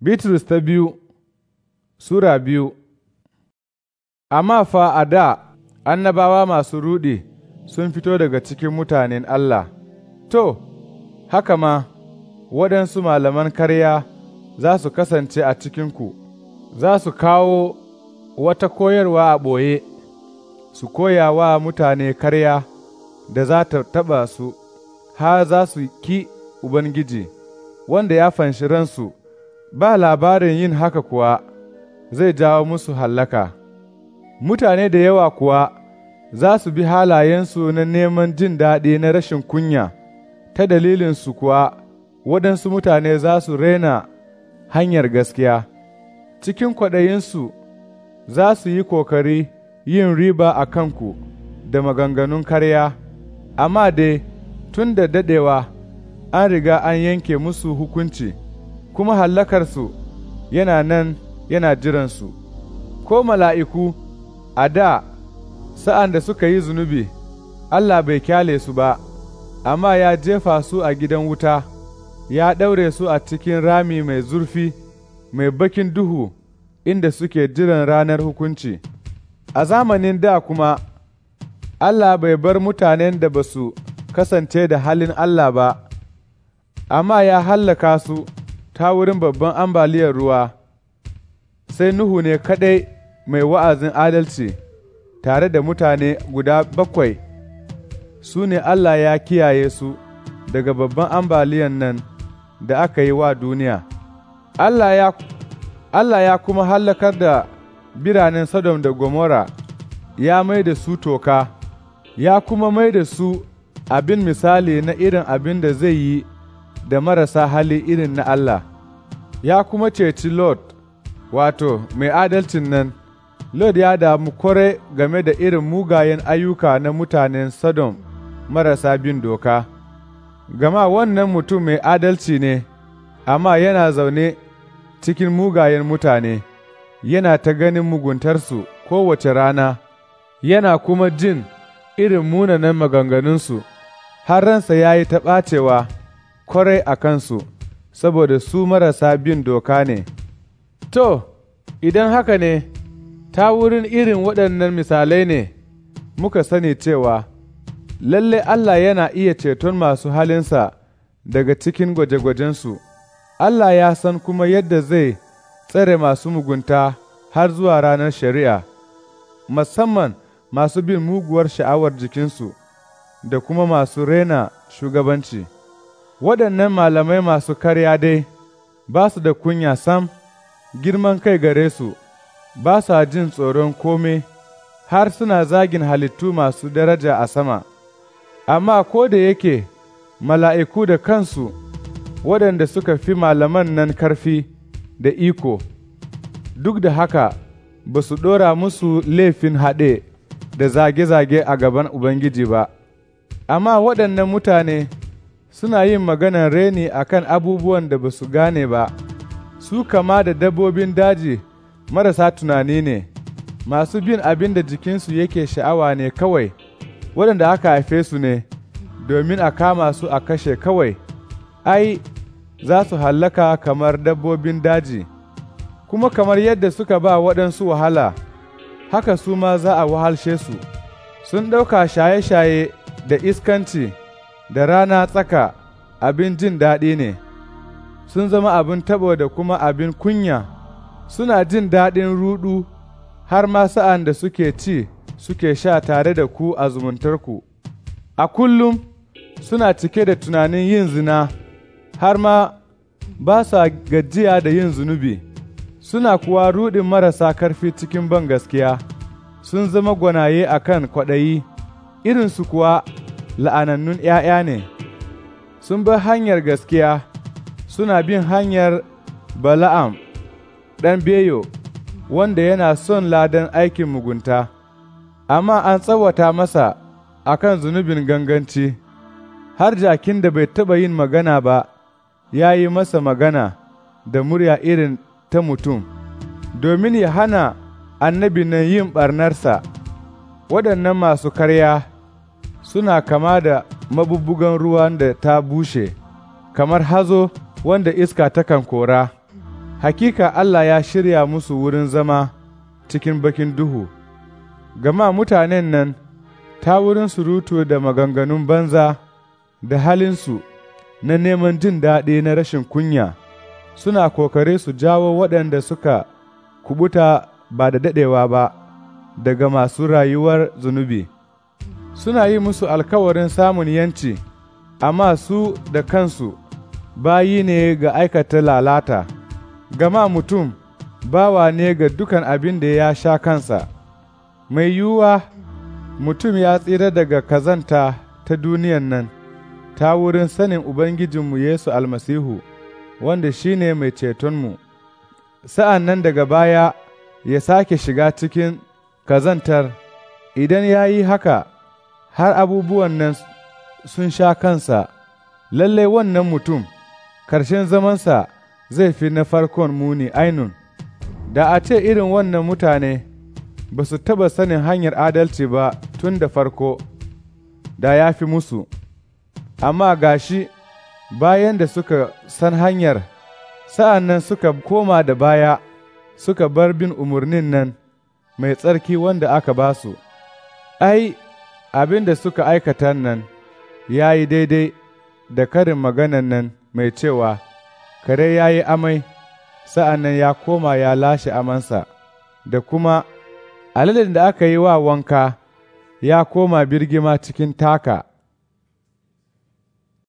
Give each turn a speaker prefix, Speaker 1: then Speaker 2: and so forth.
Speaker 1: Bitrus ta biyu Sura biyu Amma fa a da annabawa masu ruɗe sun fito daga cikin mutanen Allah, to, haka ma waɗansu malaman karya za su kasance a cikinku, za su kawo wata koyarwa a ɓoye, su koya wa mutane karya da za ta taɓa su, har za su ki Ubangiji, wanda ya fanshi ransu. ba labarin yin haka kuwa zai jawo musu hallaka, mutane da yawa kuwa za su bi halayensu na neman jin daɗi na rashin kunya, ta dalilinsu kuwa waɗansu mutane za su rena hanyar gaskiya, cikin kwaɗayinsu za su yi ƙoƙari yin riba a kanku da maganganun karya, amma dai tun da daɗewa an riga an yanke musu hukunci. kuma hallakarsu yana nan yana jiransu, ko mala'iku a da sa'an da suka yi zunubi, Allah bai kyale su ba, amma ya jefa su a gidan wuta, ya ɗaure su a cikin rami mai zurfi, mai bakin duhu inda suke jiran ranar hukunci. A zamanin da kuma, Allah bai bar mutanen da ba su kasance da halin Allah ba, amma ya hallaka su. ta wurin babban ambaliyar ruwa, sai Nuhu ne kaɗai mai wa'azin adalci tare da mutane guda bakwai, su ne Allah ya kiyaye su daga babban ambaliyan nan da aka yi wa duniya. Allah ya, Allah ya kuma hallakar da biranen Sodom da gomora ya mai da su toka, ya kuma mai da su abin misali na irin abin da zai yi da marasa hali irin na Allah, ya kuma ceci Lord, wato, mai adalcin nan, Lord ya damu kware game da irin mugayen ayyuka na mutanen Sodom marasa bin doka, gama wannan mutum mai adalci ne, amma yana zaune cikin mugayen mutane, yana ta ganin muguntarsu kowace rana, yana kuma jin irin munanan maganganunsu, har ransa ya yi ta ɓacewa. kwarai a kansu, saboda su marasa bin doka ne. To, idan haka ne, ta wurin irin waɗannan misalai ne, muka sani cewa, lalle Allah yana iya ceton masu halinsa daga cikin gwaje-gwajensu, Allah ya san kuma yadda zai tsare masu mugunta har zuwa ranar shari'a, musamman masu bin muguwar sha'awar jikinsu da kuma masu rena shugabanci. waɗannan malamai masu karya dai ba su da kunya sam, girman kai gare su, ba sa jin tsoron kome, har suna zagin halittu masu daraja a sama. Amma ko da yake mala'iku da kansu waɗanda suka fi malaman nan karfi da iko, duk da haka ba su ɗora musu laifin haɗe da zage-zage a gaban Ubangiji ba. Amma waɗannan mutane suna yin maganan reni a kan abubuwan da ba su gane ba, su kama da dabbobin daji marasa tunani ne, masu bin abin da jikinsu yake sha'awa ne kawai, waɗanda aka haife su ne, domin a kama su a kashe kawai, ai, za su hallaka kamar dabbobin daji, kuma kamar yadda suka ba waɗansu wahala, haka su ma za a wahalshe su, sun ɗauka shaye-shaye da iskanci. da rana tsaka abin jin daɗi ne, sun zama abin tabo da kuma abin kunya, suna jin daɗin ruɗu har ma sa'an da suke ci suke sha tare da ku a zumuntarku. A kullum suna cike da tunanin yin zina, har ma ba sa gajiya da yin zunubi, suna kuwa ruɗin marasa karfi cikin ban gaskiya, sun zama gwanaye a kan kwaɗayi, irinsu kuwa la'anannun ’ya'ya ne, sun bar hanyar gaskiya suna bin hanyar Bala'am ɗan Beyo, wanda yana son ladan aikin mugunta, amma an tsawata masa a kan zunubin ganganci, har jakin da bai taɓa yin magana ba, ya yi masa magana da murya irin ta mutum, domin ya hana annabi nan yin ɓarnarsa, waɗannan masu karya. suna kama da mabubbugan ruwan da ta bushe, kamar hazo wanda iska takan kora. Hakika Allah ya shirya musu wurin zama cikin bakin duhu, gama mutanen nan ta wurin surutu da maganganun banza da halinsu na neman jin daɗi na rashin kunya, suna kokare su jawo waɗanda suka kubuta ba da daɗewa ba daga masu rayuwar zunubi. suna yi musu alkawarin samun yanci, amma su da kansu bayi ne ga aikata lalata, gama mutum bawa ne ga dukan abin da ya sha kansa, mai yiwuwa mutum ya tsira daga kazanta ta duniyan nan, ta wurin sanin Ubangijinmu Yesu almasihu, wanda shi ne mai cetonmu, sa'an nan daga baya ya sake shiga cikin kazantar, idan ya yi haka. har abubuwan nan sun sha kansa, lallai wannan mutum, ƙarshen zamansa zai fi na farkon muni ainun. Da a ce irin wannan mutane ba su taɓa sanin hanyar adalci ba tun da farko, da ya fi musu, amma gashi bayan da suka san hanyar, sa'an nan suka koma da baya suka bar bin umarnin nan mai tsarki wanda aka ba su. Ai, abin da suka aikata nan ya yi daidai da karin maganan nan mai cewa, Kare ya yi amai, sa'an nan ya koma ya lashe amansa, da kuma aladen da aka yi wa wanka ya koma birgima cikin taka.